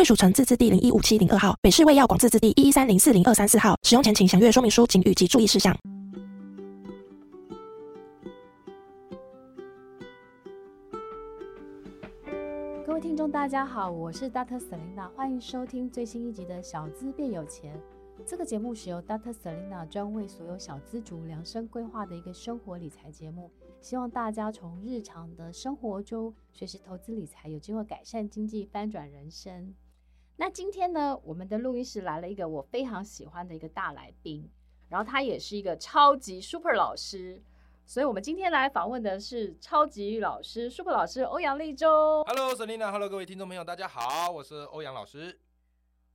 貴屬城自治第零一五七零二號，北市衛藥廣自治第一一三零四零二三四號。使用前請詳閱說明書、警語及注意事項。各位聽眾，大家好，我是 Dr. Selena，歡迎收聽最新一集的《小資變有錢》。這個節目是由 Dr. Selena 專為所有小資族量身規劃的一個生活理財節目，希望大家從日常的生活中學習投資理財，有機會改善經濟，翻轉人生。那今天呢，我們的錄音室來了一個我非常喜歡的一個大來賓，然後他也是一個超級 super 老師，所以我們今天來訪問的是超級老師 super 老師歐陽立洲。Hello，沈麗娜，Hello，各位聽眾朋友，大家好，我是歐陽老師。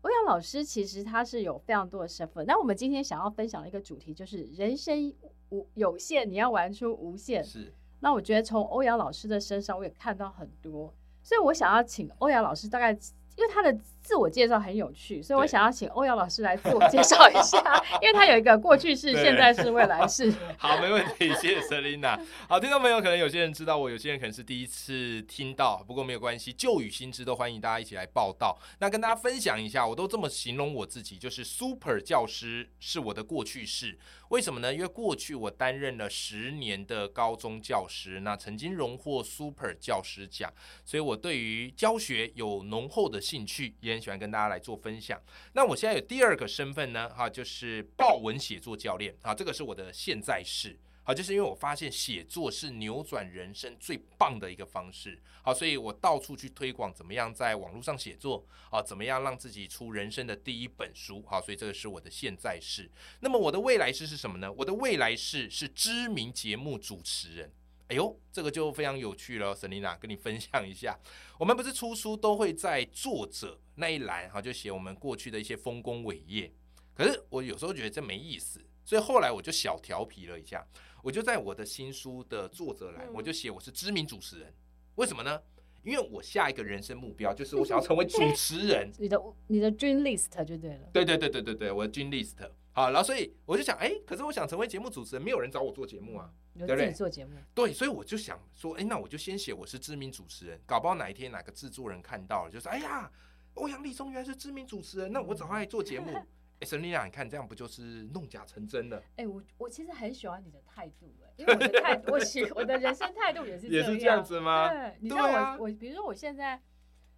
歐陽老師其實他是有非常多的身份，那我們今天想要分享的一個主題就是人生無有限，你要玩出無限。是，那我覺得從歐陽老師的身上我也看到很多，所以我想要請歐陽老師大概因為他的。自我介紹很有趣，所以我想要請歐陽老師來自我介紹一下， 因為他有一個過去式、現在式、未來式。好，沒問題，謝謝 Selina。 好，聽眾朋友，可能有些人知道我，有些人可能是第一次聽到，不過沒有關係，舊雨新知都歡迎大家一起來報到。那跟大家分享一下，我都這麼形容我自己，就是 Super 教師是我的過去式。為什麼呢？因為過去我擔任了十年的高中教師，那曾經榮獲 Super 教師獎，所以我對於教學有濃厚的興趣。也很喜歡跟大家來做分享。那我現在有第二個身份呢，哈，就是爆文寫作教練啊，這個是我的現在式。好，就是因為我發現寫作是扭轉人生最棒的一個方式，好，所以我到處去推廣怎麼樣在網絡上寫作，好，怎麼樣讓自己出人生的第一本書，好，所以這個是我的現在式。那麼我的未來式是什麼呢？我的未來式是知名節目主持人。哎呦，這個就非常有趣了，Selina 跟你分享一下。我們不是出書都會在作者那一欄哈、啊，就寫我們過去的一些豐功偉業。可是我有時候覺得這沒意思，所以後來我就小調皮了一下，我就在我的新書的作者欄，我就寫我是知名主持人、嗯。為什麼呢？因為我下一個人生目標就是我想要成為主持人。 你的你的 dream list 就對了。對對對對對對，我的 dream list。好，然後所以我就想，哎、欸，可是我想成為節目主持人，沒有人找我做節目啊，對不對？做節目，對，所以我就想說，哎、欸，那我就先寫我是知名主持人，搞不好哪一天哪個製作人看到了，就說、是，哎呀，歐陽立中原來是知名主持人，嗯、那我找他來做節目。哎、 欸，沈麗雅，你看這樣不就是弄假成真了？哎、欸，我我其實很喜歡你的態度、欸、因為我的態，度，我喜我的人生態度也是 也是這樣子嗎？對、嗯，你像我，啊、我比如說我現在。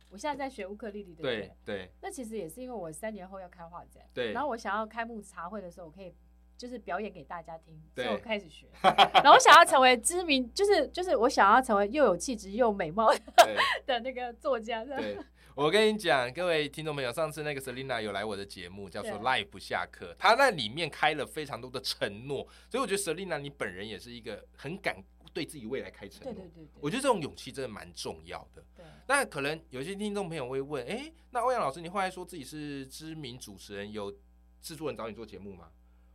我現在在學烏克麗麗的對，對，那其實也是因為我三年後要開畫展，對，然後我想要開幕茶會的時候，我可以就是表演給大家聽，對，所以我開始學， 然後我想要成為知名，就是就是我想要成為又有氣質又美貌的， 的那個作家對這樣。對，我跟你講，各位聽眾朋友，上次那個 Selina 有來我的節目，叫做 Live 不下課，她在裡面開了非常多的承諾，所以我覺得 Selina 你本人也是一個很敢。對自己未來開承諾，對對對，我覺得這種勇氣真的蠻重要的。對，那可能有些聽眾朋友會問，誒，那歐陽老師，你後來說自己是知名主持人，有製作人找你做節目嗎？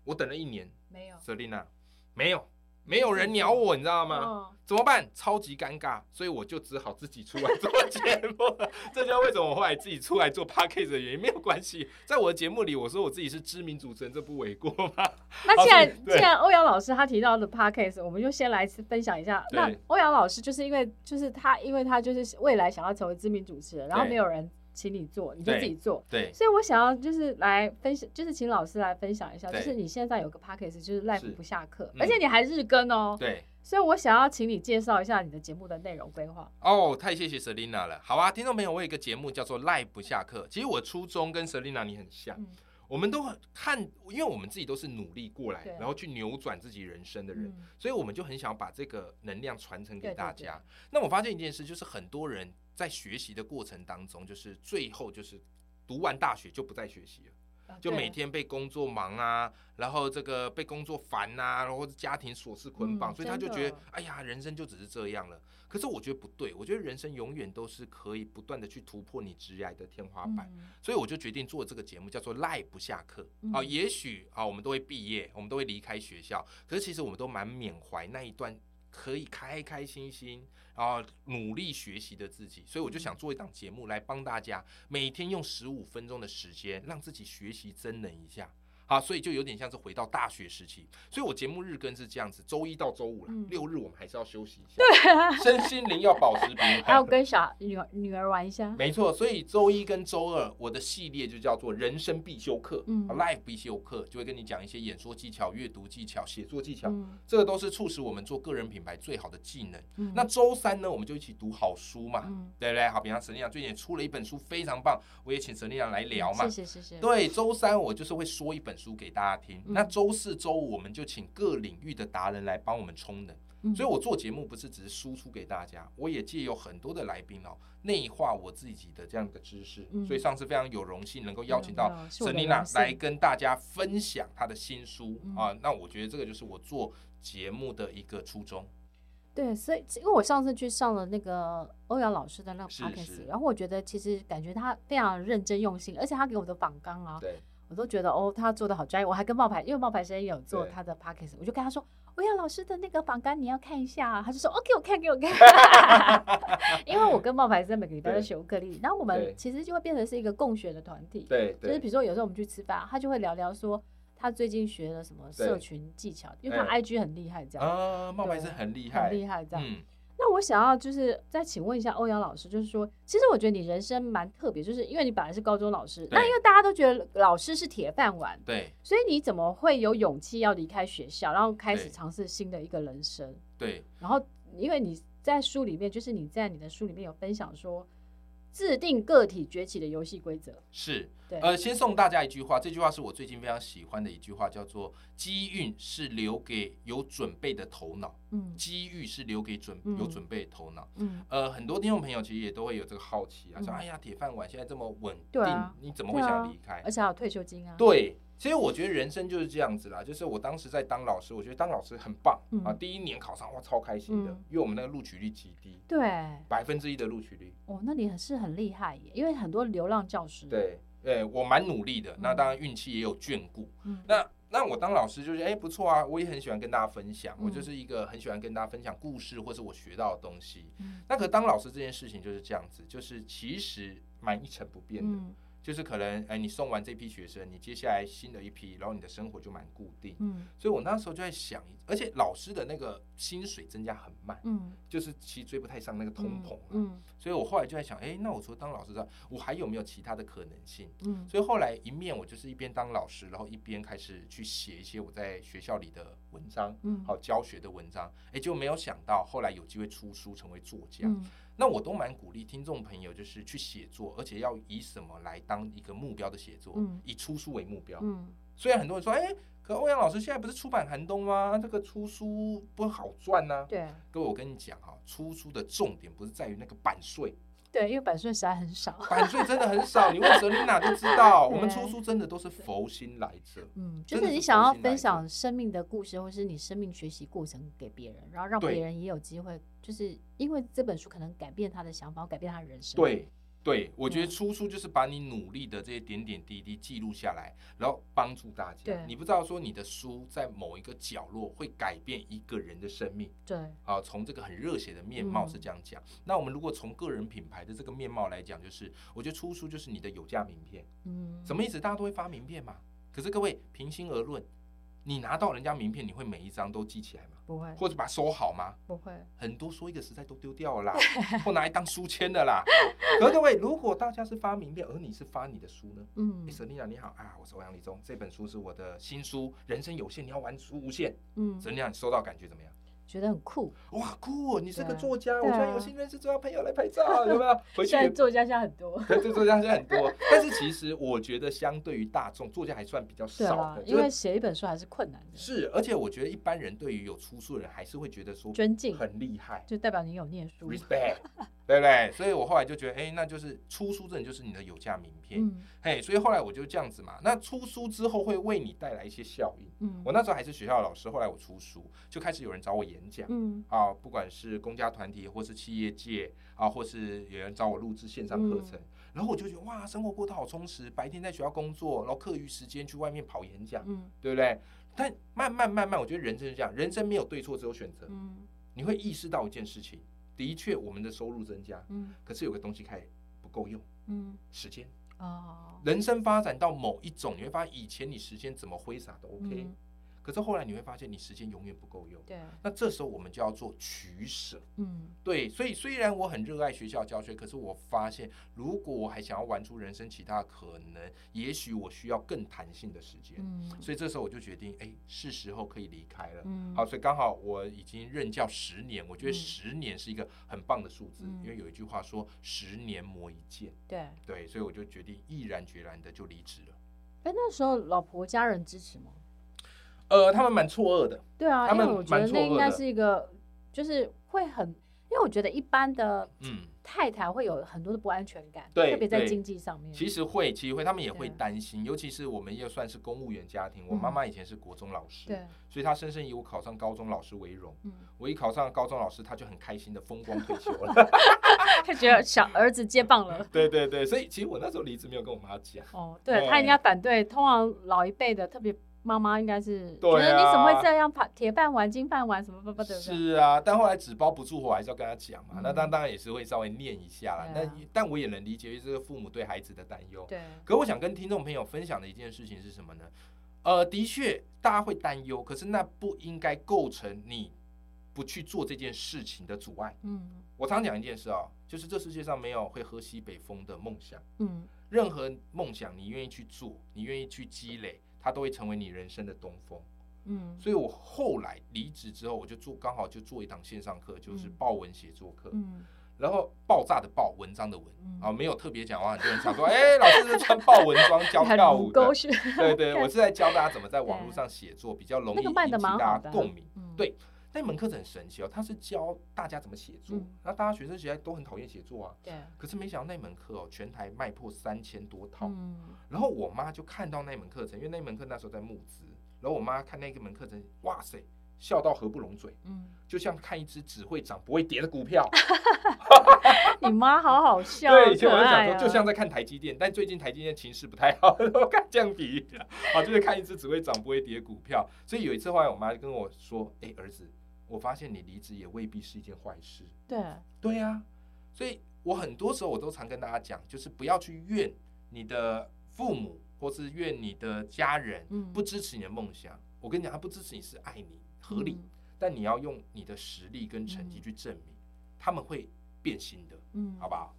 我等了一年，沒有，Selina，沒有。沒有人鳥我，嗯、你知道嗎、哦？怎麼辦？超級尷尬，所以我就只好自己出來做節目了。 這就是為什麼我後來自己出來做 Podcast 的原因？沒有關係，在我的節目裡，我說我自己是知名主持人，這不為過嗎？那既然、哦、既然歐陽老師他提到的 Podcast 我們就先來分享一下。那歐陽老師就是因為就是他，因為他就是未來想要成為知名主持人，然後沒有人。請你做，你就自己做對。對，所以我想要就是來分享，就是請老師來分享一下，就是你現在有個 p a c k a g e 就是賴不下課、嗯，而且你還是日更哦。對，所以我想要請你介紹一下你的節目的內容規劃。哦，太謝謝 i 琳娜了。好啊，聽眾朋友，我有一個節目叫做《賴不下課》，其實我初衷跟 i 琳娜你很像、嗯，我們都很看，因為我們自己都是努力過來，啊、然後去扭轉自己人生的人、嗯，所以我們就很想要把這個能量傳承給大家，對對對。那我發現一件事，就是很多人。在學習的過程當中，就是最後就是讀完大學就不再學習了，就每天被工作忙啊，然後這個被工作煩吶，然後家庭瑣事捆綁，所以他就覺得哎呀，人生就只是這樣了。可是我覺得不對，我覺得人生永遠都是可以不斷的去突破你職涯的天花板，所以我就決定做這個節目，叫做 Life 不下課。啊，也許啊，我們都會畢業，我們都會離開學校，可是其實我們都蠻緬懷那一段。可以開開心心，然後，呃，努力學習的自己，所以我就想做一檔節目來幫大家每天用十五分鐘的時間，讓自己學習真人一下。啊，所以就有點像是回到大學時期，所以我節目日更是這樣子，週一到週五了、嗯，六日我們還是要休息一下，對、嗯，身心靈要保持平衡。還要跟小女兒女兒玩一下，沒錯。所以週一跟週二，我的系列就叫做人生必修課，嗯、啊、，life 必修課，就會跟你講一些演說技巧、閱讀技巧、寫作技巧、嗯，這個都是促使我們做個人品牌最好的技能。嗯、那週三呢，我們就一起讀好書嘛，嗯、對不對？好，比方沈麗陽最近也出了一本書，非常棒，我也請沈麗陽來聊嘛，謝謝謝謝。對，週三我就是會說一本書。書給大家聽。那周四、周五我們就請各領域的達人來幫我們充能。嗯、所以，我做節目不是只是輸出給大家，我也借由很多的來賓哦，內化我自己的這樣的知識。嗯、所以上次非常有榮幸能夠邀請到陳琳娜來跟大家分享她的新書、嗯、啊。那我覺得這個就是我做節目的一個初衷。對，所以因為我上次去上了那個歐陽老師的那個 class，然後我覺得其實感覺他非常認真用心，而且他給我的訪綱啊。對我都覺得哦，他做的好專業。我還跟冒牌，因為冒牌生也有做他的 podcast 我就跟他說，我要老師的那個房干，你要看一下、啊。他就說 OK，、哦、給我看，給我看。 因為我跟冒牌生每個禮拜都學克例，然後我們其實就會變成是一個共學的團體。對，就是比如說有時候我們去吃飯，他就會聊聊說他最近學了什麼社群技巧，因為他 IG 很厲害，這樣啊、呃，冒牌生很厲害，很厲害這樣。嗯那我想要就是再請問一下歐陽老師，就是說，其實我覺得你人生蠻特別，就是因為你本來是高中老師，那因為大家都覺得老師是鐵飯碗，對，所以你怎麼會有勇氣要離開學校，然後開始嘗試新的一個人生對？對，然後因為你在書裡面，就是你在你的書裡面有分享說。制定個體崛起的遊戲規則是，呃，先送大家一句話，這句話是我最近非常喜歡的一句話，叫做“機遇是留給有準備的頭腦”嗯。機遇是留給準、嗯、有準備的頭腦。嗯、呃，很多聽眾朋友其實也都會有這個好奇、嗯、啊，說：“哎呀，鐵飯碗現在這麼穩定，啊、你怎麼會想離開？啊、而且還有退休金啊。”對。其實我覺得人生就是這樣子啦，就是我當時在當老師，我覺得當老師很棒、嗯、啊。第一年考上，哇，超開心的，嗯、因為我們那個錄取率極低，對，百分之一的錄取率。哦，那你是很厲害耶，因為很多流浪教師。對，對，我蠻努力的，那當然運氣也有眷顧、嗯。那那我當老師就是，哎、欸，不錯啊，我也很喜歡跟大家分享。嗯、我就是一個很喜歡跟大家分享故事，或者我學到的東西、嗯。那可當老師這件事情就是這樣子，就是其實蠻一成不變的。嗯。就是可能，哎，你送完這批學生，你接下來新的一批，然後你的生活就蠻固定。嗯，所以我那時候就在想，而且老師的那個薪水增加很慢，嗯，就是其實追不太上那個通膨、嗯。嗯，所以我後來就在想，哎，那我除了當老師之外，我還有沒有其他的可能性？嗯，所以後來一面我就是一邊當老師，然後一邊開始去寫一些我在學校裡的文章，好、嗯、教學的文章，哎，就沒有想到後來有機會出書，成為作家。嗯那我都蠻鼓勵聽眾朋友，就是去寫作，而且要以什麼來當一個目標的寫作？嗯、以出書為目標。雖、嗯、然很多人說，哎，可歐陽老師現在不是出版寒冬嗎？這個出書不好賺吶、啊。各位，我跟你講哈、啊，出書的重點不是在於那個版稅。對，因為版稅實在很少，版稅真的很少。 你問澤琳娜就知道， 我們出書真的都是佛心來著。嗯，就是你想要分享生命的故事，或是你生命學習過程給別人，然後讓別人也有機會，就是因為這本書可能改變他的想法，改變他人生。對。對，我覺得出書就是把你努力的這些點點滴滴記錄下來，然後幫助大家。你不知道說你的書在某一個角落會改變一個人的生命。對，啊，從這個很熱血的面貌是這樣講。嗯、那我們如果從個人品牌的這個面貌來講，就是我覺得出書就是你的有價名片。嗯，什麼意思？大家都會發名片嘛。可是各位，平心而論。你拿到人家名片，你會每一張都記起來嗎？不會。或者把它收好嗎？不會，很多說一個實在都丟掉了啦，或 拿來當書籤的啦。 各位，如果大家是發名片，而你是發你的書呢？嗯，Selina 你好啊，我是歐陽立中，這本書是我的新書《人生有限，你要玩出無限》嗯。嗯，Selina 你收到感覺怎麼樣？覺得很酷哇酷、喔啊！你是個作家，啊、我居然有幸認識作家朋友來拍照，有沒有？ 現在作家現在很多，對，作家現在很多。 但是其實我覺得，相對於大眾，作家還算比較少的，啊就是、因為寫一本書還是困難的。是，而且我覺得一般人對於有出書的人還是會覺得說尊敬，很厲害，就代表你有念書。respect， 對不對？所以我後來就覺得，哎、欸，那就是出書，這就是你的有價名片。嘿、嗯欸，所以後來我就這樣子嘛。那出書之後會為你帶來一些效應。嗯，我那時候還是學校老師，後來我出書，就開始有人找我。演講，嗯啊，不管是公家團體，或是企業界，啊，或是有人找我錄製線上課程，嗯，然後我就覺得哇，生活過得好充實，白天在學校工作，然後課餘時間去外面跑演講，嗯，對不對？但慢慢慢慢，我覺得人生是這樣，人生沒有對錯，只有選擇。嗯，你會意識到一件事情，的確我們的收入增加，嗯，可是有個東西開始不夠用，嗯，時間，哦，人生發展到某一種，你會發現以前你時間怎麼揮灑都 OK，嗯。可是後來你會發現，你時間永遠不夠用。對。那這時候我們就要做取捨。嗯。對，所以雖然我很熱愛學校教學，可是我發現，如果我還想要玩出人生其他可能，也許我需要更彈性的時間。嗯。所以這時候我就決定，哎、欸，是時候可以離開了。嗯。好，所以剛好我已經任教十年，我覺得十年是一個很棒的數字，嗯，因為有一句話說“十年磨一劍”。嗯。對。對，所以我就決定毅然決然的就離職了。哎、欸，那時候老婆家人支持嗎？呃，他們蠻錯愕的。對啊，他們蠻錯愕的。我覺得那應該是一個、嗯，就是會很，因為我覺得一般的太太會有很多的不安全感，對，特別在經濟上面。其實會，其實會，他們也會擔心，尤其是我們也算是公務員家庭。我媽媽以前是國中老師、嗯，對，所以她深深以我考上高中老師為榮。嗯、我一考上高中老師，她就很開心的風光退休了， 她覺得小兒子接棒了。 對對對，所以其實我那時候離職沒有跟我媽講。哦，對，她應該反對，通常老一輩的特別。媽媽應該是覺得、啊、你怎麼會這樣？鐵飯碗、金飯碗什麼什麼的。是啊，但後來紙包不住火，我還是要跟他講嘛。嗯、那當當然也是會稍微念一下啦，嗯、那但我也能理解，這個父母對孩子的擔憂。對。可我想跟聽眾朋友分享的一件事情是什麼呢？呃，的確，大家會擔憂，可是那不應該構成你不去做這件事情的阻礙。嗯。我常講一件事啊、哦，就是這世界上沒有會喝西北風的夢想。嗯。任何夢想，你願意去做，你願意去積累。它都會成為你人生的東風，嗯，所以我後來離職之後，我就做剛好就做一堂線上課，就是爆文寫作課，嗯，然後爆炸的爆文章的文啊，嗯、沒有特別講話，我很多人想說，哎， 老師穿豹紋裝教跳舞的，對對，對，我是在教大家怎麼在網絡上寫作， 比較容易引起大家共鳴，那個嗯、對。那門課程很神奇哦，它是教大家怎麼寫作，那、嗯、大家學生時代都很討厭寫作啊。嗯、可是沒想到那門課哦，全台賣破三千多套、嗯。然後我媽就看到那門課程，因為那門課那時候在募資，然後我媽看那一門課程，哇塞，笑到合不攏嘴、嗯。就像看一隻只會漲不會跌的股票。哈哈哈！哈哈！你媽好好笑。 對，以前我就想說，就像在看台積電，啊、但最近台積電情勢不太好，然後看這樣比一下，啊， 就是看一隻只會漲不會跌的股票。所以有一次後來我媽就跟我說：“哎、欸，兒子。”我發現你離職也未必是一件壞事。對，對呀、啊，所以我很多時候我都常跟大家講，就是不要去怨你的父母或是怨你的家人不支持你的夢想、嗯。我跟你講，他不支持你是愛你，合理。嗯、但你要用你的實力跟成績去證明，嗯、他們會變心的。嗯，好不好？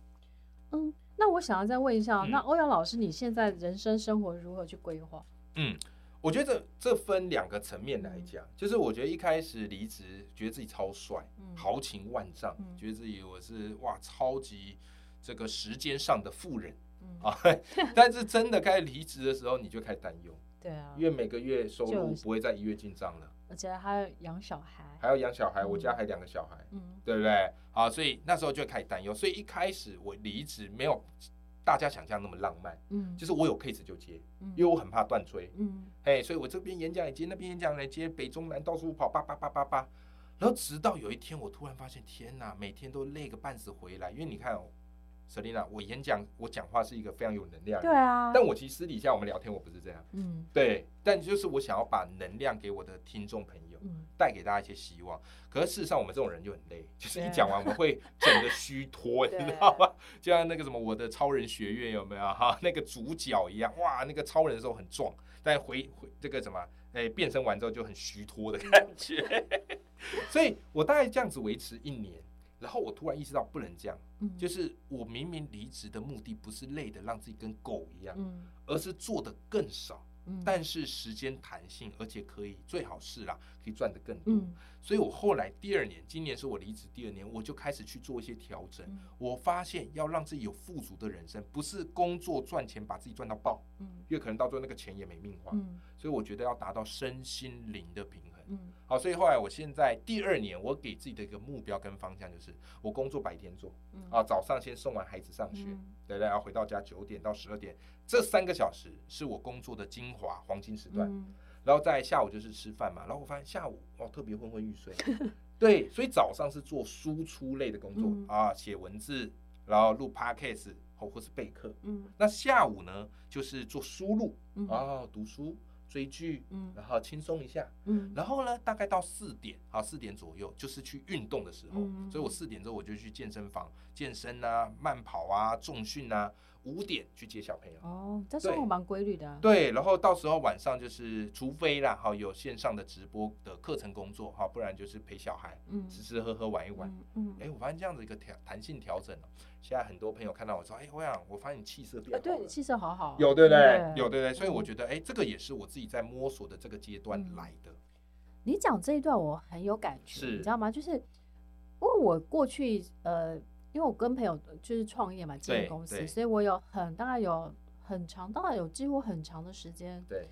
嗯，那我想要再問一下，嗯、那歐陽老師，你現在人生生活如何去規劃？嗯。我覺得這這分兩個層面來講、嗯,就是我覺得一開始離職，覺得自己超帥、嗯，豪情萬丈、嗯，覺得自己我是哇超級這個時間上的富人、嗯、啊。 但是真的開始離職的時候，你就開始擔憂。對啊，因為每個月收入不會再一月進賬了，而且還要養小孩，還要養小孩、嗯。我家還兩個小孩，嗯，對不對？啊，所以那時候就開始擔憂。所以一開始我離職沒有。大家想象那麼浪漫，嗯，就是我有 case 就接，嗯、因為我很怕斷炊，嗯，所以我這邊演講也接，那邊演講也接，北中南到處跑，叭叭叭叭叭，然後直到有一天，我突然發現，天哪，每天都累個半死回來，因為你看哦。嗯瑟琳娜，我演講，我講話是一個非常有能量的人。對啊，但我其實私底下我們聊天，我不是這樣。嗯，對。但就是我想要把能量給我的聽眾朋友，嗯、帶給大家一些希望。可是事實上，我們這種人就很累，就是一講完，我們會整個虛脫，你知道嗎？就像那個什麼，我的超人學院有沒有哈？那個主角一樣，哇，那個超人的時候很壯，但回回這個什麼，誒，變身完之後就很虛脫的感覺。嗯、 所以我大概這樣子維持一年。然後我突然意識到不能這樣、嗯，就是我明明離職的目的不是累得讓自己跟狗一樣，嗯、而是做得更少、嗯，但是時間彈性，而且可以最好是啦，可以賺得更多、嗯。所以我後來第二年，今年是我離職第二年，我就開始去做一些調整。嗯、我發現要讓自己有富足的人生，不是工作賺錢把自己賺到爆，嗯、因為可能到最後那個錢也沒命花、嗯。所以我覺得要達到身心靈的平衡。嗯啊，所以後來我現在第二年，我給自己的一個目標跟方向就是，我工作白天做，啊，早上先送完孩子上學，對不對，然後回到家九點到十二點這三個小時是我工作的精華黃金時段，然後在下午就是吃飯嘛，然後我發現下午哦特別昏昏欲睡，對，所以早上是做輸出類的工作啊，寫文字，然後錄 Podcast 或是備課，那下午呢就是做輸入啊，讀書。追劇，嗯，然後輕鬆一下，嗯，然後呢，大概到四點，好，四點左右就是去運動的時候，嗯，所以我四點之後我就去健身房健身啊，慢跑啊，重訓啊。五點去接小朋友哦，這生活蠻規律的，啊對。對，然後到時候晚上就是，除非啦，好有線上的直播的課程工作，哈，不然就是陪小孩，嗯，吃吃喝喝玩一玩，嗯。哎，嗯欸，我發現這樣子一個調彈性調整現在很多朋友看到我說，哎，欸，歐陽，我想我發現你氣色變好了，啊，對氣色好好，啊，有對不對？對有對不對，對，所以我覺得，哎，欸，這個也是我自己在摸索的這個階段來的。你講這一段我很有感覺，你知道嗎？就是因為我過去呃。因為我跟朋友就是創業嘛，經營公司，所以我有很大概有很長，大概有幾乎很長的時間，對，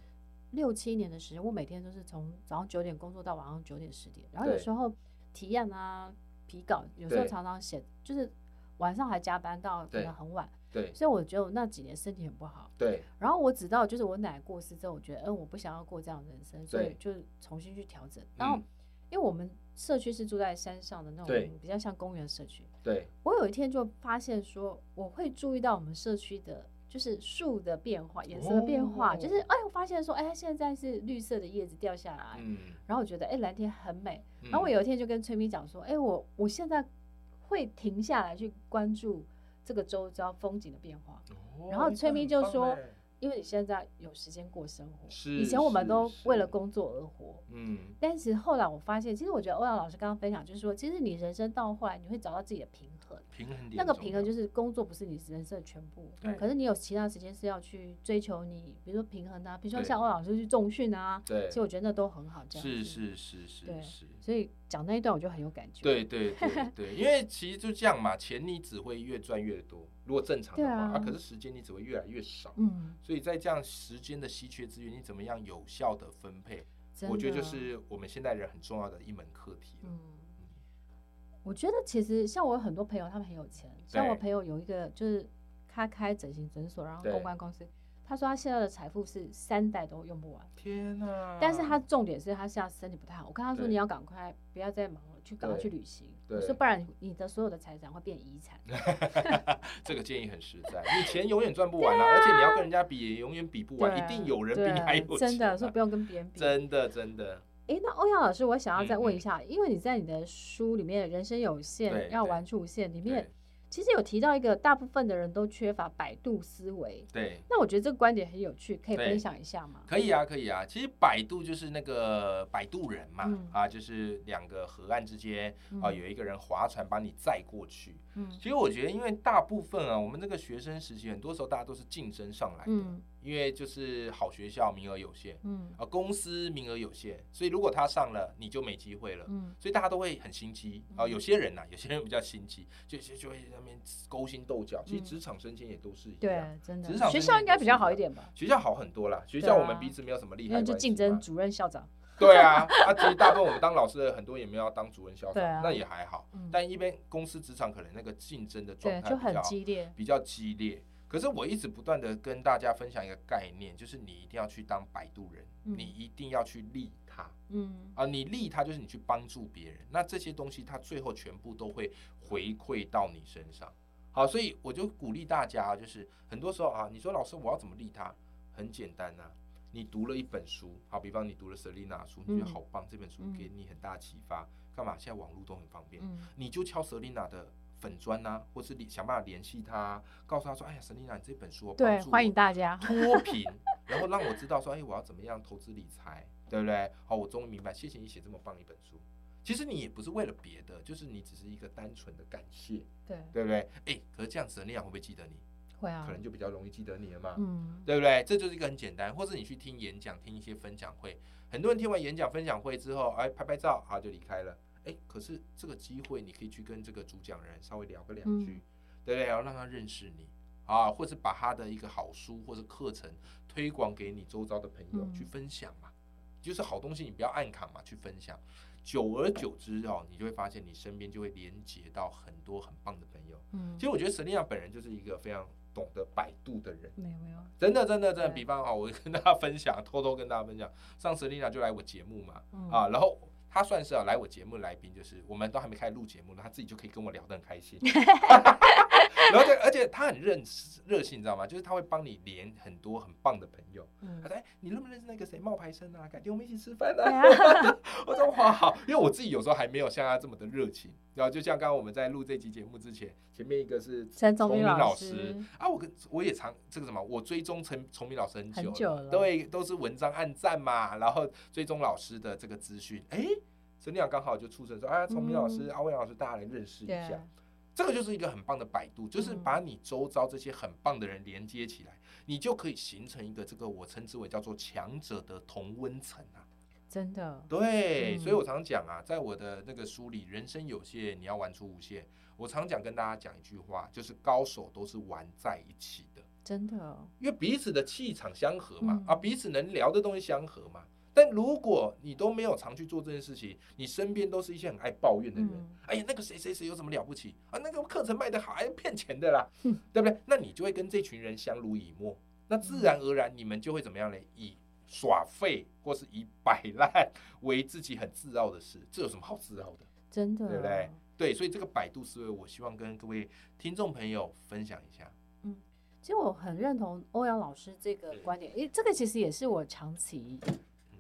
六七年的時間，我每天都是從早上九點工作到晚上九點十點，然後有時候提案啊、批稿，有時候常常寫，就是晚上還加班到可能很晚，對，所以我覺得我那幾年身體很不好，對。然後我直到，就是我奶過世之後，我覺得嗯，我不想要過這樣的人生，所以就重新去調整。然後，因為我們。社區是住在山上的那種，比較像公園社區。對，我有一天就發現說，我會注意到我們社區的就是樹的變化、顏色的變化，哦、就是哎，我發現說，哎，現在是綠色的葉子掉下來、嗯，然後我覺得哎，藍天很美、嗯。然後我有一天就跟崔咪講說，哎，我我現在會停下來去關注這個周遭風景的變化，哦、然後崔咪就說。哦因為你現在有時間過生活，是，以前我們都為了工作而活，嗯，但是後來我發現，其實我覺得歐陽老師剛剛分享就是說，其實你人生到後來，你會找到自己的平衡。平衡點，那個平衡就是工作不是你人生的全部，對。可是你有其他時間是要去追求你，比如說平衡啊，比如說像歐老師去重訓啊，對。其實我覺得那都很好，這樣是是是是，是，是是所以講那一段，我就很有感覺。對對對對， 因為其實就這樣嘛，錢你只會越賺越多，如果正常的話啊,啊，可是時間你只會越來越少，嗯。所以在這樣時間的稀缺資源，你怎麼樣有效的分配的？我覺得就是我們現代人很重要的一門課題了我覺得其實像我有很多朋友，他們很有錢。像我朋友有一個，就是他開整形診所，然後公關公司。他說他現在的財富是三代都用不完。天吶、啊，但是他重點是他現在身體不太好。我跟他說你要趕快不要再忙了，去趕快去旅行。我說不然你的所有的財產會變遺產。產產， 這個建議很實在，你錢永遠賺不完啊，啊，而且你要跟人家比也永遠比不完，一定有人比你還有錢，啊。真的，所以不用跟別人比。真的，真的。哎、欸，那歐陽老師，我想要再問一下、嗯，因為你在你的書裡面《人生有限，要玩出無限》裡面，其實有提到一個大部分的人都缺乏擺渡思維。對，那我覺得這個觀點很有趣，可以分享一下嗎？可以啊，可以啊。其實擺渡就是那個擺渡人嘛、嗯，啊，就是兩個河岸之間、嗯、啊，有一個人划船把你載過去。嗯，其實我覺得，因為大部分啊，我們這個學生時期，很多時候大家都是競爭上來的、嗯，因為就是好學校名額有限，嗯啊，公司名額有限，所以如果他上了，你就沒機會了，嗯，所以大家都會很心機啊，有些人吶、啊，有些人比較心機，就就就會在那邊勾心鬥角、嗯，其實職場升遷也都是一樣，對，真的，職場學校應該比較好一點吧，學校好很多啦，學校我們彼此沒有什麼利害關係，啊、就競爭主任校長。 對啊，那其實大部分我們當老師的很多也沒有當主任校長。那也還好。嗯、但一邊公司職場可能那個競爭的狀態就很激烈，比較激烈。可是我一直不斷的跟大家分享一個概念，就是你一定要去當擺渡人、嗯，你一定要去利他。嗯啊，你利他就是你去幫助別人，那這些東西他最後全部都會回饋到你身上。好，所以我就鼓勵大家、啊，就是很多時候啊，你說老師我要怎麼利他？很簡單吶、啊。你讀了一本書，好，比方你讀了 Selina 的書，你覺得好棒，嗯、這本書給你很大啟發、嗯，幹嘛？現在網絡都很方便，嗯、你就敲 Selina 的粉磚吶、啊，或是想辦法聯繫他，告訴他說，哎呀，Selina，你這本書幫助我對歡迎大家脫貧，然後讓我知道說， 哎，我要怎麼樣投資理財，對不對？好，我終於明白，謝謝你寫這麼棒一本書。其實你也不是為了別的，就是你只是一個單純的感謝，對，對不對？誒、哎，可是這樣子，Selina 會不會記得你？啊、可能就比較容易記得你了嘛、嗯，對不對？這就是一個很簡單，或是你去聽演講、聽一些分享會，很多人聽完演講、分享會之後，哎，拍拍照，啊，就離開了。哎，可是這個機會，你可以去跟這個主講人稍微聊個兩句，嗯、對不對？然後讓他認識你啊，或是把他的一個好書或是課程推廣給你周遭的朋友去分享嘛。嗯、就是好東西，你不要暗槓嘛，去分享。久而久之哦，你就會發現你身邊就會連接到很多很棒的朋友。嗯、其實我覺得 Selina 本人就是一個非常。懂得百度的人，沒有沒有，真的真的真的，比方哈、哦，我跟大家分享，偷偷跟大家分享，上次麗娜就來我節目嘛，啊，然後她算是啊來我節目來賓，就是我們都還沒開始錄節目，那她自己就可以跟我聊得很開心。 然後就，而且他很熱熱情，你知道嗎？就是他會幫你連很多很棒的朋友。嗯、他說：“哎、欸，你認不認識那個誰冒牌生啊？改天我們一起吃飯啊, 啊！”我說：“哇好，因為我自己有時候還沒有像他這麼的熱情。”然後，就像剛剛我們在錄這期節目之前，前面一個是聰崇明老師啊，我跟我也常這個什麼，我追蹤陳崇明老師很久了，很久了對，都是文章按讚嘛，然後追蹤老師的這個資訊。哎、欸，陳亮剛好就出聲說：“啊，崇明老師，阿、嗯、魏、啊、老師，大家來認識一下。”這個就是一個很棒的百度，就是把你周遭這些很棒的人連接起來，嗯、你就可以形成一個這個我稱之為叫做強者的同溫層啊！真的，對、嗯，所以我常講啊，在我的那個書裡，人生有限，你要玩出無限。我常講跟大家講一句話，就是高手都是玩在一起的，真的，因為彼此的氣場相合嘛，嗯、啊，彼此能聊的東西相合嘛。但如果你都沒有常去做這件事情，你身邊都是一些很愛抱怨的人。嗯、哎呀，那個誰誰誰有什麼了不起？啊，那個課程賣得好，還、哎、騙錢的啦，對不對？那你就會跟這群人相濡以沫，那自然而然你們就會怎麼樣呢？嗯、以耍廢或是以擺爛為自己很自傲的事，這有什麼好自傲的？真的、哦，對不對？對，所以這個百度思維，我希望跟各位聽眾朋友分享一下。嗯，其實我很認同歐陽老師這個觀點，嗯、因為這個其實也是我長期。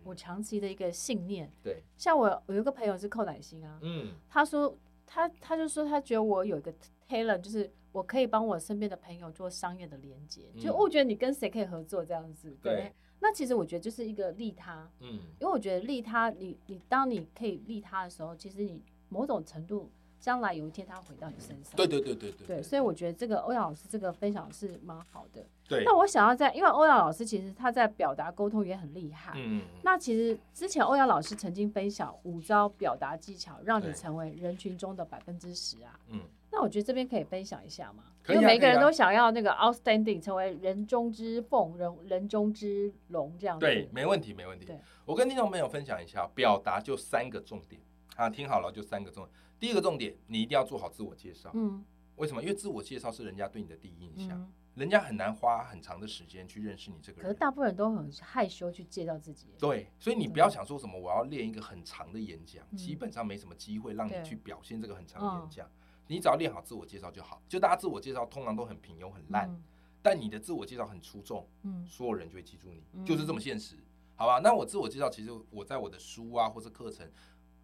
我長期的一個信念，對，像我我，有一個朋友是寇乃馨啊，嗯，他說，他他就說，他覺得我有一個 talent，就是我可以幫我身邊的朋友做商業的連接，嗯，就我覺得你跟誰可以合作這樣子，對，對，那其實我覺得就是一個利他，嗯，因為我覺得利他，你，你當你可以利他的時候，其實你某種程度，將來有一天他回到你身上、嗯，對對對對對，對。所以我覺得這個歐陽老師這個分享是蠻好的。對。那我想要在，因為歐陽老師其實他在表達溝通也很厲害。嗯，那其實之前歐陽老師曾經分享五招表達技巧，讓你成為人群中的百分之十啊。嗯。那我覺得這邊可以分享一下嘛、嗯。因為每個人都想要那個 outstanding 成為人中之鳳、人人中之龍這樣子。對，沒問題，沒問題。對，我跟聽眾朋友分享一下，表達就三個重點。啊。聽好了，就三個重點。第一個重點，你一定要做好自我介紹。嗯，為什麼？因為自我介紹是人家對你的第一印象，嗯，人家很難花很長的時間去認識你這個人。可是大部分人都很害羞去介紹自己。對，所以你不要想說什麼我要練一個很長的演講，嗯，基本上沒什麼機會讓你去表現這個很長的演講。你只要練好自我介紹就好。就大家自我介紹通常都很平庸、很爛，嗯，但你的自我介紹很出眾，嗯，所有人就會記住你，嗯，就是這麼現實，好吧？那我自我介紹，其實我在我的書啊，或是課程。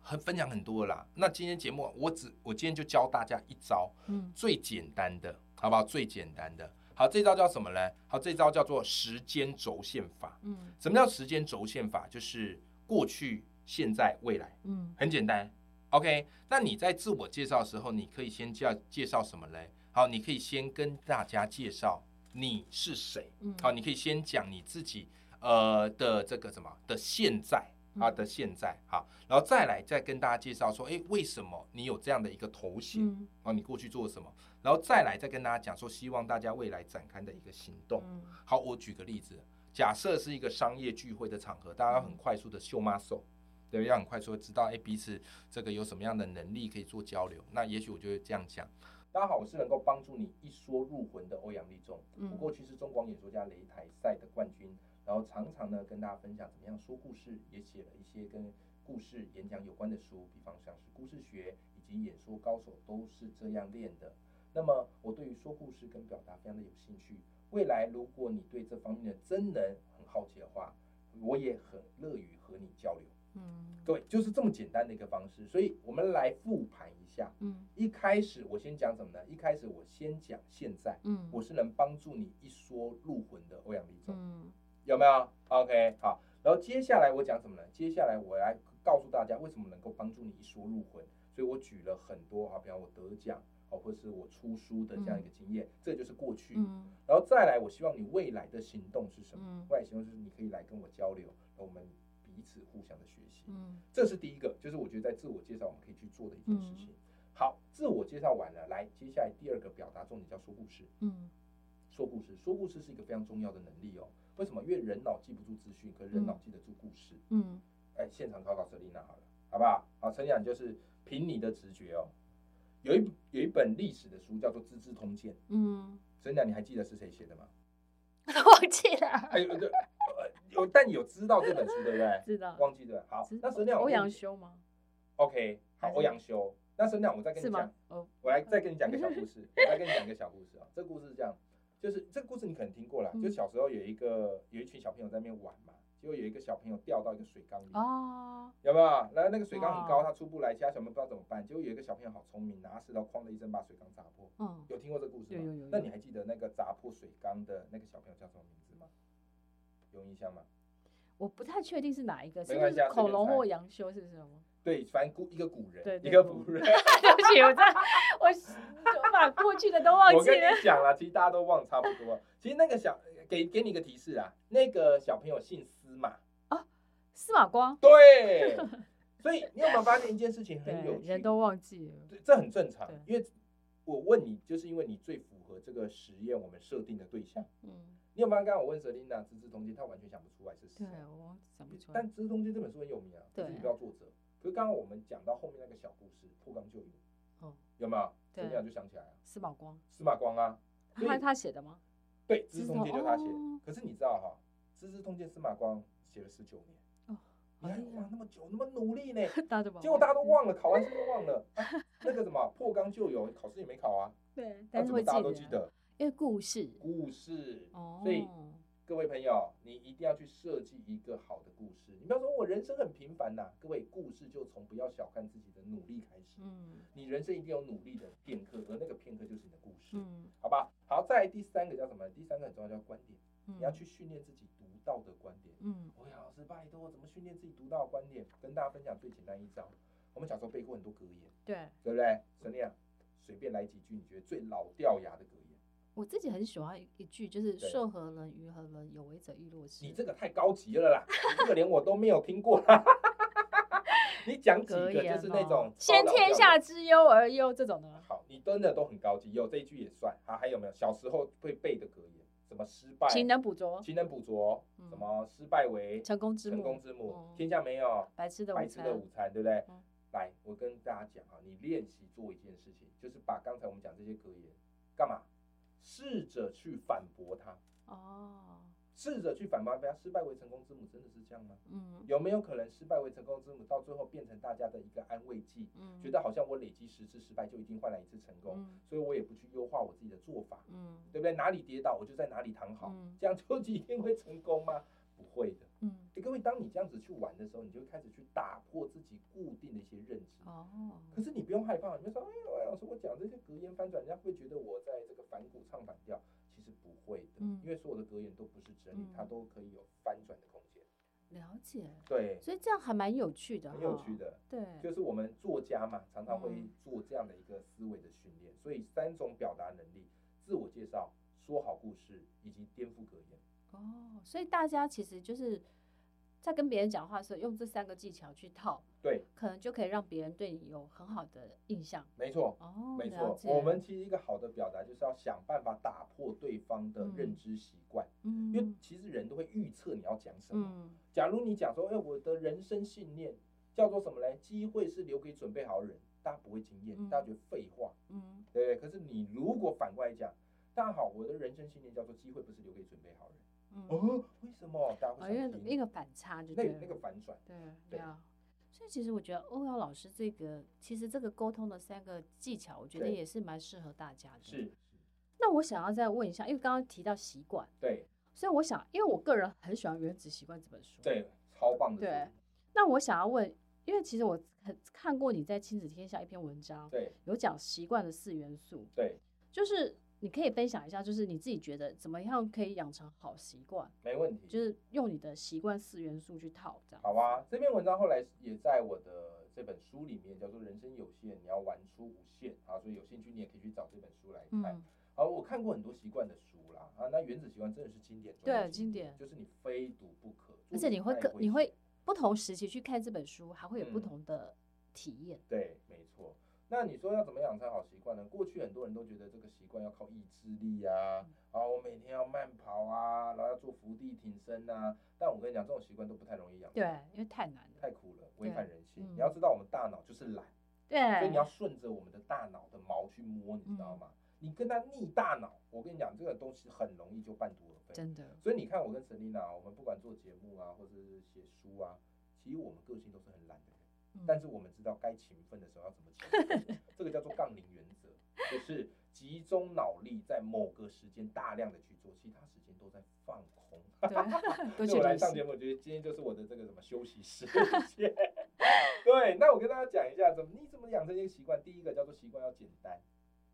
很分享很多啦，那今天節目我只我今天就教大家一招，嗯，最簡單的，嗯，好不好？最簡單的，好，這招叫什麼嘞？好，這招叫做時間軸線法，嗯，什麼叫時間軸線法？就是過去、現在、未來，嗯，很簡單，OK。那你在自我介紹的時候，你可以先介介紹什麼嘞？好，你可以先跟大家介紹你是誰，嗯，好，你可以先講你自己，呃的這個什麼的現在。他的現在啊，然後再來再跟大家介紹說，誒，為什麼你有這樣的一個頭銜？哦、嗯，你過去做了什麼？然後再來再跟大家講說，希望大家未來展開的一個行動、嗯。好，我舉個例子，假設是一個商業聚會的場合，大家要很快速的秀 muscle，對不對？要很快速的知道誒，彼此這個有什麼樣的能力可以做交流。那也許我就會這樣講：大家好，我是能夠幫助你一說入魂的歐陽立中。我、嗯、過去是中廣演說家擂台賽的冠軍。然後常常呢跟大家分享怎麼樣說故事，也寫了一些跟故事演講有關的書，比方像是《故事學》以及《演說高手》，都是這樣練的。那麼我對於說故事跟表達非常的有興趣。未來如果你對這方面的真能很好奇的話，我也很樂於和你交流。嗯，對就是這麼簡單的一個方式。所以，我們來復盤一下。嗯，一開始我先講什麼呢？一開始我先講現在。嗯，我是能幫助你一說入魂的歐陽立中。嗯。有沒有？OK，好。然後接下來我講什麼呢？接下來我來告訴大家為什麼能夠幫助你一說入魂。所以我舉了很多，好比方我得獎，好或是我出書的這樣一個經驗，嗯、這就是過去。然後再來，我希望你未來的行動是什麼？嗯、未來行動就是你可以來跟我交流，讓我們彼此互相的學習。嗯，這是第一個，就是我覺得在自我介紹我們可以去做的一件事情、嗯。好，自我介紹完了，來接下來第二個表達重點叫說故事。嗯，說故事，說故事是一個非常重要的能力哦。為什麼？因為人腦記不住資訊，可是人腦記得住故事。嗯，哎、嗯欸，現場考考 Selina 好了，好不好？好，Selina 就是憑你的直覺哦。有一有一本歷史的書叫做《資治通鑑》。嗯，Selina，你還記得是誰寫的嗎？忘記了。還、哎、有對，呃、有但你有知道這本書對不對？知道，忘記對。好，那 Selina，歐陽修嗎？OK，好，歐陽修。那 Selina，我再跟你講，oh. 我來再跟你講個小故事， 我再跟你講一個小故事啊、 哦。這故事是這樣。就是這個故事你可能聽過啦、嗯，就小時候有一個有一群小朋友在那邊玩嘛，結果有一個小朋友掉到一個水缸裡啊，有沒有？然後那個水缸很高，啊、他出不來，其他小朋友不知道怎麼辦，結果有一個小朋友好聰明，拿石頭哐的一聲把水缸砸破。嗯，有聽過這個故事嗎？有有有有。那你還記得那個砸破水缸的那個小朋友叫什麼名字嗎？有印象嗎？我不太確定是哪一個，沒關係，是不是恐龍或楊修是什麼？對，反古，一個古人，對對對，一個古人。 對不起，我這我把過去的都忘記了。我跟你講了，啊，其實大家都忘差不多。其實那個小給，給你一個提示啊，那個小朋友姓司馬啊，司馬光。對， 所以你有沒有發現一件事情很有趣？人都忘記了，這很正常。因為我問你，就是因為你最符合這個實驗我們設定的對象。嗯，你有沒有剛剛我問澤琳娜資治通鑑，他完全想不出來是誰？對，我想不出來。但資治通鑑這本書很有名啊，對就你知道作者？剛剛我們講到後面那個小故事，破缸救友，哦，有沒有？對，這樣就想起來啊。司馬光，司馬光啊，還他寫的嗎？對，《資治通鑑》就他寫，哦。可是你知道哈，《資治通鑑》司馬光寫了十九年，哦，好厲、哎、那麼久，那麼努力呢，結果大家都忘了，嗯、考完試都忘了、 啊。那個什麼破缸救友，考試也沒考啊。對，但怎、啊啊、大家都記得，因為故事，故事哦，所以。各位朋友，你一定要去設計一個好的故事。你不要說我人生很平凡吶。各位，故事就從不要小看自己的努力開始。嗯，你人生一定有努力的片刻，而那個片刻就是你的故事。嗯，好吧。好，再來第三個叫什麼？第三個很重要，叫觀點。嗯，你要去訓練自己獨到的觀點。嗯，歐陽老師，拜託，我怎麼訓練自己獨到的觀點？跟大家分享最簡單一招。我們小時候背過很多格言。對，對不對？陳麗啊，隨便來幾句你覺得最老掉牙的格言。我自己很喜歡一句，就是“舜何人，予何人，有為者亦若是”。你這個太高級了啦， 你這個連我都沒有聽過啦。 你講幾個，就是那種“先天下之憂而憂”這種的。好，你真的都很高級，有這一句也算。好、啊，還有沒有小時候會背的格言？什麼失敗？勤能補拙，勤能補拙、嗯。什麼失敗為成功之母，成功之母。嗯、天下沒有白吃的午餐，白吃的午餐，白吃的午餐對不對、嗯？來，我跟大家講啊，你練習做一件事情，就是把剛才我們講這些格言，幹嘛？試着去反駁他哦，oh. 試着去反駁他。失敗為成功之母，真的是這樣嗎？嗯、mm -hmm.，有沒有可能失敗為成功之母到最後變成大家的一個安慰劑？嗯、mm -hmm.，覺得好像我累積十次失敗就一定換來一次成功，mm -hmm. 所以我也不去優化我自己的做法。嗯、mm -hmm.，對不對？哪裡跌倒我就在哪裡躺好，mm -hmm. 這樣就一定會成功嗎？Mm -hmm. 不會的。嗯，各位，當你這樣子去玩的時候，你就會開始去打破自己固定的一些認知。哦。可是你不用害怕，你就說，哎呦，老師，我講這些格言翻轉，人家會覺得我在這個反骨唱反調。其實不會的。嗯，因為所有的格言都不是真理，嗯，它都可以有翻轉的空間。了解。對，所以這樣還蠻有趣的，很有趣的。哦。對，就是我們作家嘛，常常會做這樣的一個思維的訓練。嗯。所以三種表達能力：自我介紹、說好故事以及顛覆格言。哦，所以大家其實就是在跟別人講話的時候，用這三個技巧去套，對，可能就可以讓別人對你有很好的印象。沒錯，哦，沒錯。我們其實一個好的表達，就是要想辦法打破對方的認知習慣。嗯，因為其實人都會預測你要講什麼。嗯，假如你講說，哎，我的人生信念叫做什麼呢？機會是留給準備好的人，大家不會驚豔，大家覺得廢話。嗯，對。可是你如果反過來講，大家好，我的人生信念叫做機會不是留給準備好的人。嗯、哦，為什麼？因為一個反差就覺得、那個、那個反轉，對對。Yeah. 所以其實我覺得歐陽老師這個，其實這個溝通的三個技巧，我覺得也是蠻適合大家的。是。是。那我想要再問一下，因為剛剛提到習慣，對。所以我想，因為我個人很喜歡《原子習慣》這本書，對，超棒的。對。那我想要問，因為其實我很看過你在《親子天下》一篇文章，對，有講習慣的四元素，對，就是。你可以分享一下，就是你自己覺得怎麼樣可以養成好習慣？沒問題，就是用你的習慣四元素去套這樣。好吧，這篇文章後來也在我的這本書裡面，叫做“人生有限，你要玩出無限”。啊，所以有興趣你也可以去找這本書來看。嗯、好，我看過很多習慣的書啦，啊，那《原子習慣》真的是經典，對、啊，經典，就是你非讀不可。而且你會更，你會不同時期去看這本書，還會有不同的體驗。嗯、對，沒錯。那你說要怎麼養成好習慣呢？過去很多人都覺得這個習慣要靠意志力啊，啊、嗯，我每天要慢跑啊，然後要做伏地挺身吶、啊。但我跟你講，這種習慣都不太容易養成。對，因為太難了，太苦了，危害人性。你要知道，我們大腦就是懶。對。所以你要順着我們的大腦的毛去摸，你知道嗎？嗯、你跟他逆大腦，我跟你講，這個東西很容易就半途而廢。真的。所以你看，我跟陳麗娜，我們不管做節目啊，或者是寫書啊，其實我們個性都是很懶的。但是我們知道該勤奮的時候要怎麼勤奮， 這個叫做槓鈴原則，就是集中腦力在某個時間大量的去做，其他時間都在放空。 對 所以我來上節目，我覺得今天就是我的這個什麼休息時間。 對，那我跟大家講一下，怎麼你怎麼養成一個習慣？第一個叫做習慣要簡單，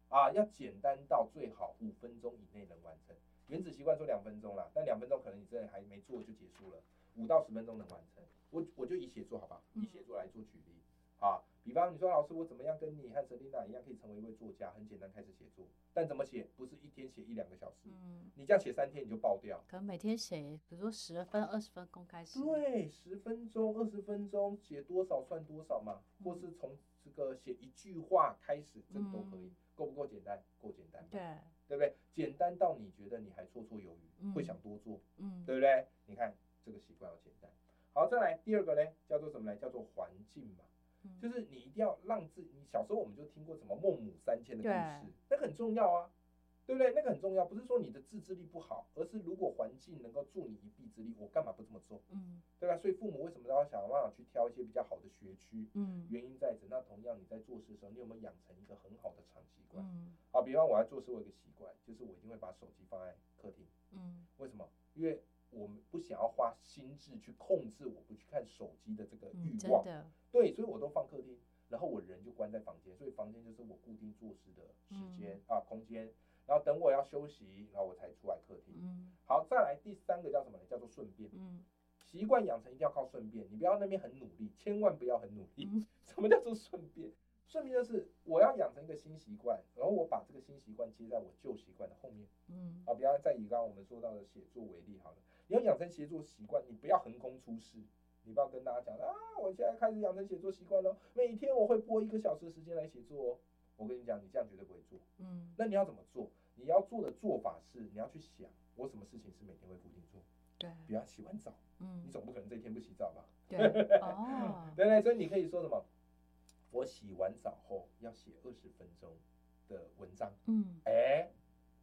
啊，要簡單到最好五分鐘以內能完成。原子習慣說兩分鐘啦，但兩分鐘可能你真的還沒做就結束了。五到十分鐘能完成，我我就以寫作好吧，以寫作來做舉例啊、嗯。比方說你說老師，我怎麼樣跟你和澤琳娜一樣，可以成為一位作家？很簡單，開始寫作，但怎麼寫？不是一天寫一兩個小時，嗯、你這樣寫三天你就爆掉。可能每天寫，比如說十分二十分公開，對，十分鐘、二十分鐘寫多少算多少嘛、嗯，或是從這個寫一句話開始，這都可以。夠不夠簡單？夠簡單。對、嗯，對不對？簡單到你覺得你還綽綽有餘、嗯，會想多做，嗯，對不對？你看。這個習慣要簡單，好，再來第二個呢，叫做什麼呢？叫做環境嘛、嗯，就是你一定要讓自己，你小時候我們就聽過什麼孟母三遷的故事，那個、很重要啊，對不對？那個很重要，不是說你的自制力不好，而是如果環境能夠助你一臂之力，我幹嘛不這麼做？嗯、對吧？所以父母為什麼都要想辦法去挑一些比較好的學區？嗯，原因在這。那同樣你在做事的時候，你有沒有養成一個很好的長習慣？嗯，好，比方我要做事，我有個習慣就是我一定會把手機放在客廳。嗯，為什麼？因為。我不想要花心智去控制，我不去看手機的這個欲望、嗯，對，所以我都放客廳，然後我人就關在房間，所以房間就是我固定做事的時間、嗯、啊空間，然後等我要休息，然後我才出來客廳。嗯、好，再來第三個叫什麼呢？叫做順便、嗯。習慣養成一定要靠順便，你不要那邊很努力，千萬不要很努力、嗯。什麼叫做順便？順便就是我要養成一個新習慣，然後我把這個新習慣接在我舊習慣的後面。嗯，啊，比方在以剛剛我們說到的寫作為例，好了。你要養成寫作習慣，你不要橫空出世，你不要跟大家講啊，我現在開始養成寫作習慣嘍，每天我會播一個小時的時間來寫作、哦。我跟你講，你這樣絕對不會做。嗯，那你要怎麼做？你要做的做法是，你要去想，我什麼事情是每天會固定做？對，比如洗完澡，嗯，你總不可能這一天不洗澡吧？對，哦，對對，所以你可以說什麼？我洗完澡後要寫二十分鐘的文章。嗯，誒、欸。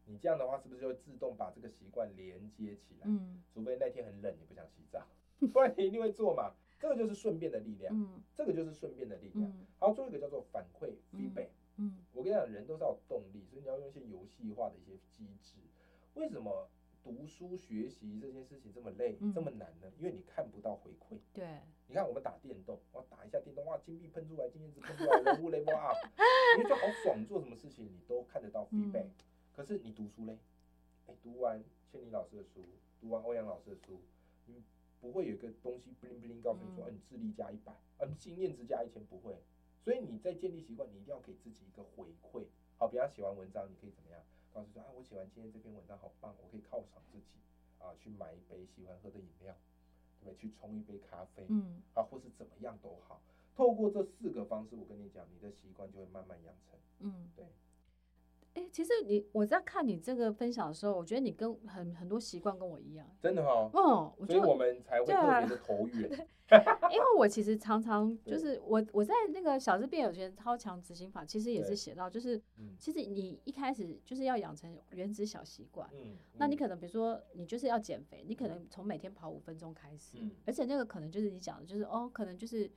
你這樣的話是不是就會自動把這個習慣連接起來？嗯，除非那天很冷，你不想洗澡， 不然你一定會做嘛。這個就是順便的力量，嗯，這個就是順便的力量、嗯。好，最後一個叫做反饋 feedback、嗯。嗯，我跟你講，人都是要有動力，所以你要用一些遊戲化的一些機制。為什麼讀書學習這件事情這麼累、嗯、這麼難呢？因為你看不到回饋。對、嗯，你看我們打電動，我打一下電動，哇，金幣噴出來，經驗值噴出來， 我 level up，你覺得好爽。做什麼事情你都看得到 feedback。嗯可是你讀書嘞？哎，讀完千里老師的書，讀完歐陽老師的書，你、嗯、不會有一個東西不靈不靈告訴你說，嗯、啊，你智力加一百，嗯、啊，經驗值加一千，不會。所以你在建立習慣，你一定要給自己一個回饋。好，比方寫完文章，你可以怎麼樣？告訴說，啊，我寫完今天這篇文章好棒，我可以犒賞自己啊，去買一杯喜歡喝的飲料，對不對？去沖一杯咖啡，嗯，啊，或是怎麼樣都好。透過這四個方式，我跟你講，你的習慣就會慢慢養成。嗯，對。哎、欸，其實你我在看你這個分享的時候，我覺得你跟很很多習慣跟我一樣，真的哈、哦。嗯，我，所以我們才會特別的投緣。因為我其實常常就是我我在那個《小資變有錢超強執行法》其實也是寫到，就是其實你一開始就是要養成原子小習慣。嗯。那你可能比如說你就是要減肥、嗯，你可能從每天跑五分鐘開始、嗯，而且那個可能就是你講的，就是哦，可能就是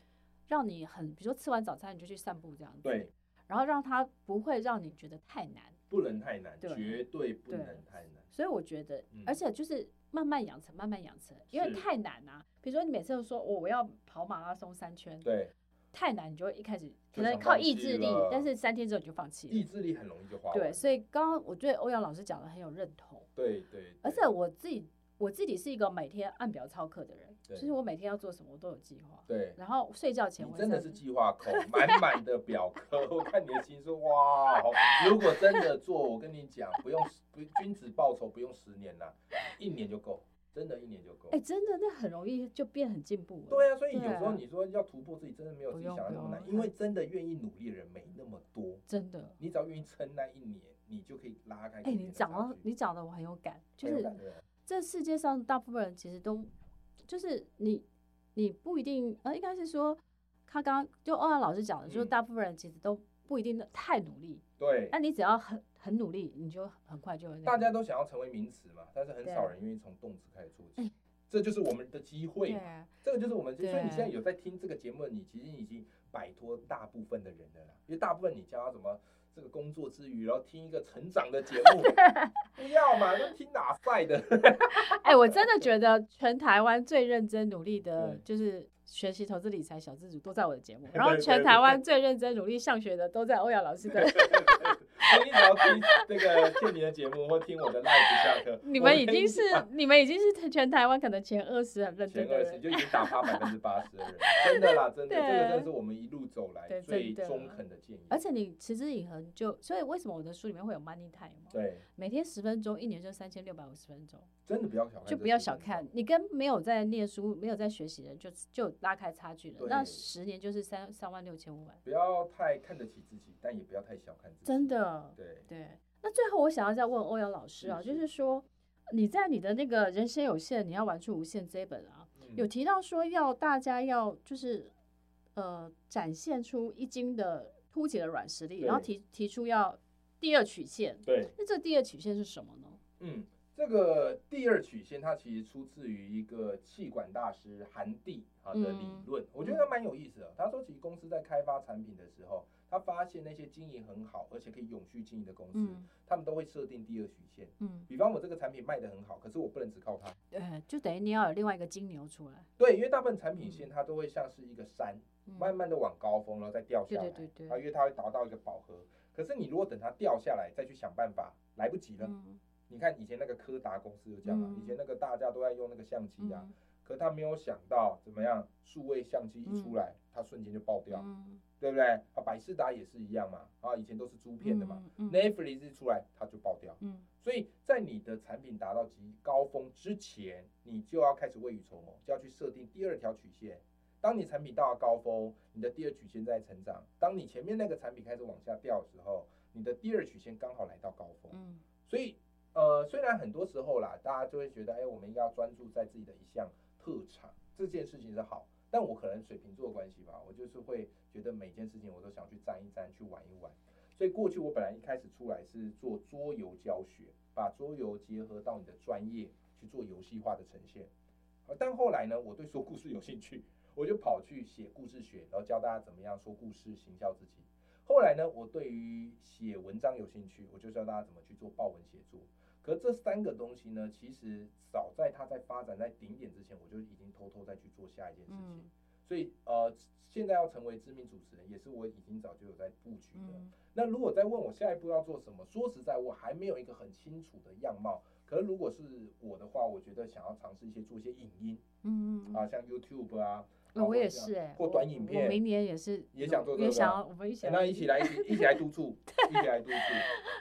讓你很，比如說吃完早餐你就去散步這樣子。對。然後讓他不會讓你覺得太難，不能太難，對，絕對不能太難。所以我覺得、嗯，而且就是慢慢養成，慢慢養成，因為太難啊。比如說你每次都說我、哦、我要跑馬拉松三圈，對，太難，你就會一開始可能靠意志力，但是三天之後你就放棄了，意志力很容易就花了。對，所以剛剛我對歐陽老師講的很有認同，對對，對。而且我自己，我自己是一個每天按表操課的人。就是我每天要做什麼，我都有計劃。對，然後睡覺前我真的是計劃控滿滿的表格。 我看你的心說，哇，如果真的做，我跟你講，不用，不君子報仇，不用十年啦，一年就夠，真的，一年就夠。哎、欸，真的，那很容易就變很進步了。對啊，所以有時候你說要突破自己，真的沒有自己想的那麼難，因為真的願意努力的人沒那麼多。 真的，嗯，你只要願意撐那一年，你就可以拉開。哎、欸，你講了，你講的我很有感，就是有感，啊，這世界上大部分人其實都。就是你，你不一定，呃，應該是說，他剛就歐陽老師講的，就、嗯、是大部分人其實都不一定的太努力。對。那你只要很很努力，你就很快就會大家都想要成為名詞嘛，但是很少人願意從動詞開始做起，這就是我們的機會嘛，這個就是我們，所以你現在有在聽這個節目，你其實已經擺脫大部分的人了啦，因為大部分你教什麼。這個工作之餘，然後聽一個成長的節目， 不要嘛，都聽哪賽的。哎、 欸，我真的覺得全台灣最認真努力的，就是學習投資理財小資主都在我的節目，然後全台灣最認真努力上學的都在歐陽老師的。對對對對 一早聽個聽你的節目，或聽我的 Life 下課。 你們已經是 你們已經是全台灣可能前二十的人。前二十就已經打趴百分之八十的人， 真的啦，真的，這個真的是我們一路走來最中肯的建議。而且你持之以恆，就所以為什麼我的書裡面會有 money time 嗎？對，每天十分鐘，一年就三千六百五十分鐘。真的不要小看，就不要小看，你跟沒有在念書、沒有在學習的人，就就拉開差距了。那十年就是三三萬六千五百。不要太看得起自己，但也不要太小看自己。真的。對對，那最後我想要再問歐陽老師啊、嗯，就是說你在你的那個人生有限，你要玩出無限這本啊、嗯，有提到說要大家要就是呃展現出一軍的突起的軟實力，然後提提出要第二曲線，對，那這第二曲線是什麼呢？嗯。這個第二曲線，它其實出自於一個企管大師韓第啊的理論，嗯、我覺得他蠻有意思的。他說，其實公司在開發產品的時候，他發現那些經營很好，而且可以永續經營的公司，他、嗯、們都會設定第二曲線。嗯，比方我這個產品賣得很好，可是我不能只靠它，呃，就等於你要有另外一個金牛出來。對，因為大部分產品線它都會像是一個山，嗯、慢慢的往高峰然後再掉下來，對對對對。啊，因為它會達到一個飽和，可是你如果等它掉下來再去想辦法，來不及了。嗯你看以前那個柯達公司就這樣嘛，啊嗯，以前那個大家都在用那個相機啊，嗯，可他沒有想到怎麼樣，數位相機一出來，嗯、他瞬間就爆掉，嗯，對不對？啊，百事達也是一樣嘛，啊，以前都是珠片的嘛，那弗里斯一出來，它就爆掉，嗯。所以在你的產品達到極高峰之前，你就要開始未雨綢繆，就要去設定第二條曲線。當你產品到了高峰，你的第二曲線在成長；當你前面那個產品開始往下掉的時候，你的第二曲線剛好來到高峰。嗯、所以。呃，雖然很多時候啦，大家就會覺得，哎、欸，我們應該要專注在自己的一項特長，這件事情是好。但我可能水瓶座關係吧，我就是會覺得每件事情我都想去沾一沾，去玩一玩。所以過去我本來一開始出來是做桌遊教學，把桌遊結合到你的專業去做遊戲化的呈現。呃，但後來呢，我對說故事有興趣，我就跑去寫故事學，然後教大家怎麼樣說故事，行銷自己。後來呢，我對於寫文章有興趣，我就教大家怎麼去做爆文寫作。可這三個東西呢，其實早在它在發展在頂點之前，我就已經偷偷再去做下一件事情。嗯。所以呃，現在要成為知名主持人，也是我已經早就有在布局的，嗯。那如果再問我下一步要做什麼，說實在，我還沒有一個很清楚的樣貌。可是如果是我的話，我覺得想要嘗試一些做一些影音，嗯嗯啊，像 YouTube 啊。那、哦、我也是哎、欸，做短影片，明年也是也想做，也想要，我們一起、哎、那一起來一起,一起來督促， 一起來督促，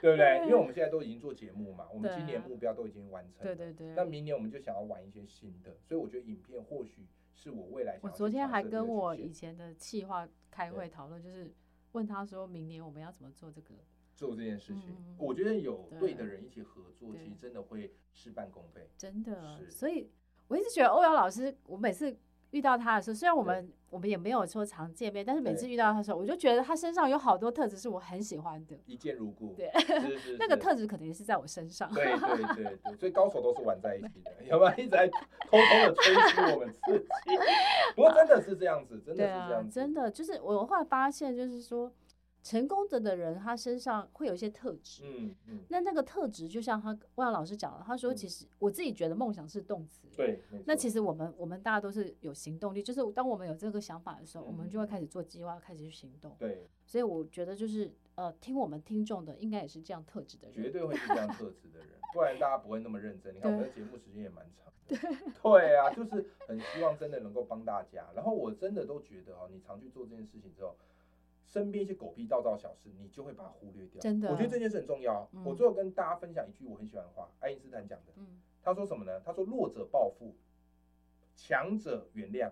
對不對,對？因為我們現在都已經做節目嘛，我們今年目標都已經完成，對對對。那明年我們就想要玩一些新的，所以我覺得影片或許是我未來想。我昨天還跟我,還跟我以前的企劃開會討論，就是問他說明年我們要怎麼做這個做這件事情、嗯。我覺得有對的人一起合作，其實真的會事半功倍，真的。是，所以我一直覺得歐陽老師，我每次。遇到他的時候，雖然我們我們也沒有說常見面，但是每次遇到他的時候，我就覺得他身上有好多特質是我很喜歡的。一見如故，對，是是是 那個特質可能也是在我身上是是是。對對對對，所以高手都是玩在一起的，要不然一直在偷偷的吹噓我們自己。 不過真的是這樣子，啊、真的是這樣子，啊、真的就是我後來發現，就是說。成功者的人，他身上會有一些特質。嗯嗯。那那個特質，就像他歐陽老師講了，他說，其實我自己覺得夢想是動詞。對、嗯。那其實我們我們大家都是有行動力，就是當我們有這個想法的時候，嗯、我們就會開始做計劃，開始去行動。對。所以我覺得就是呃，聽我們聽眾的應該也是這樣特質的人，絕對會是這樣特質的人， 不然大家不會那麼認真。你看我們節目時間也蠻長的。對。對啊，就是很希望真的能夠幫大家。 然後我真的都覺得哦，你常去做這件事情之後，身邊一些狗屁倒灶小事，你就會把它忽略掉。真的。啊，我覺得這件事很重要。嗯、我最後跟大家分享一句我很喜歡的話，嗯、愛因斯坦講的。他說什麼呢？他說弱者報復，強者原諒，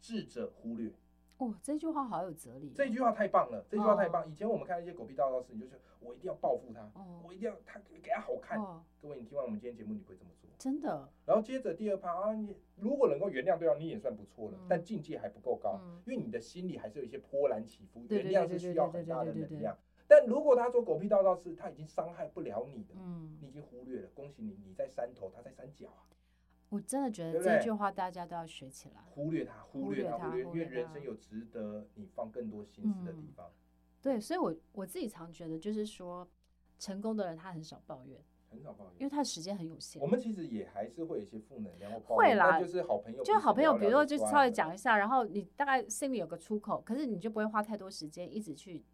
智者忽略。哇、喔，這一句話好有哲理、喔！這句話太棒了，哦、這句話太棒。以前我們看一些狗屁倒灶事，你就說我一定要報復他、哦，我一定要他給他好看。哦、各位，你聽完我們今天節目你會怎麼做？真的。然後接着第二趴啊，你如果能夠原諒對方，你也算不錯了、嗯，但境界還不夠高、嗯，因為你的心裡還是有一些波瀾起伏。原諒是需要很大的能量。但如果他做狗屁倒灶事，他已經傷害不了你的、嗯，你已經忽略了，恭喜你，你在山頭，他在山腳啊我真的覺得這句話大家都要學起來。對對，忽略他，忽略他，忽略他忽略，因為人生有值得你放更多心思的地方。嗯，對，所以我，我我自己常覺得，就是說，成功的人他很少抱怨，很少抱怨，因為他的時間很有限。我們其實也還是會有一些負能量會抱怨啦，就是好朋友聊聊就，就是好朋友，比如說就稍微講一下，然後你大概心裡有個出口，可是你就不會花太多時間一直去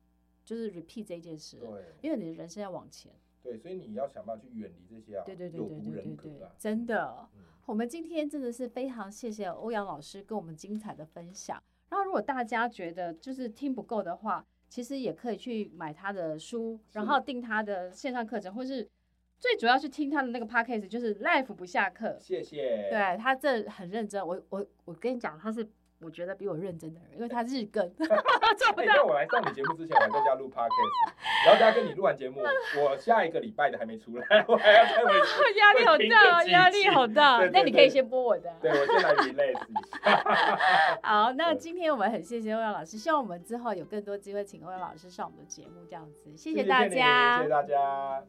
就是 repeat 這一件事，因為你的人生要往前。對，所以你要想辦法去遠離這些啊，對對對對對對對，對，對，對，啊，真的。嗯我們今天真的是非常謝謝歐陽老師跟我們精彩的分享。然後，如果大家覺得就是聽不夠的話，其實也可以去買他的書，然後訂他的線上課程，或是最主要是聽他的那個 podcast 就是 life 不下課。謝謝，對，他這很認真。我我我跟你講，他是。我覺得比我認真的人，因為他是日更。哎、 欸，在 我來上你節目之前， 我還在家錄 podcast，然後大家跟你錄完節目， 我下一個禮拜的還沒出來，我還要再錄。壓 力好大，壓力好大，對對對。那你可以先播我的，對我先來一類。好，那今天我們很謝謝歐陽老師，希望我們之後有更多機會，請歐陽老師上我們的節目，這樣子。謝謝大家，謝謝、謝、謝大家。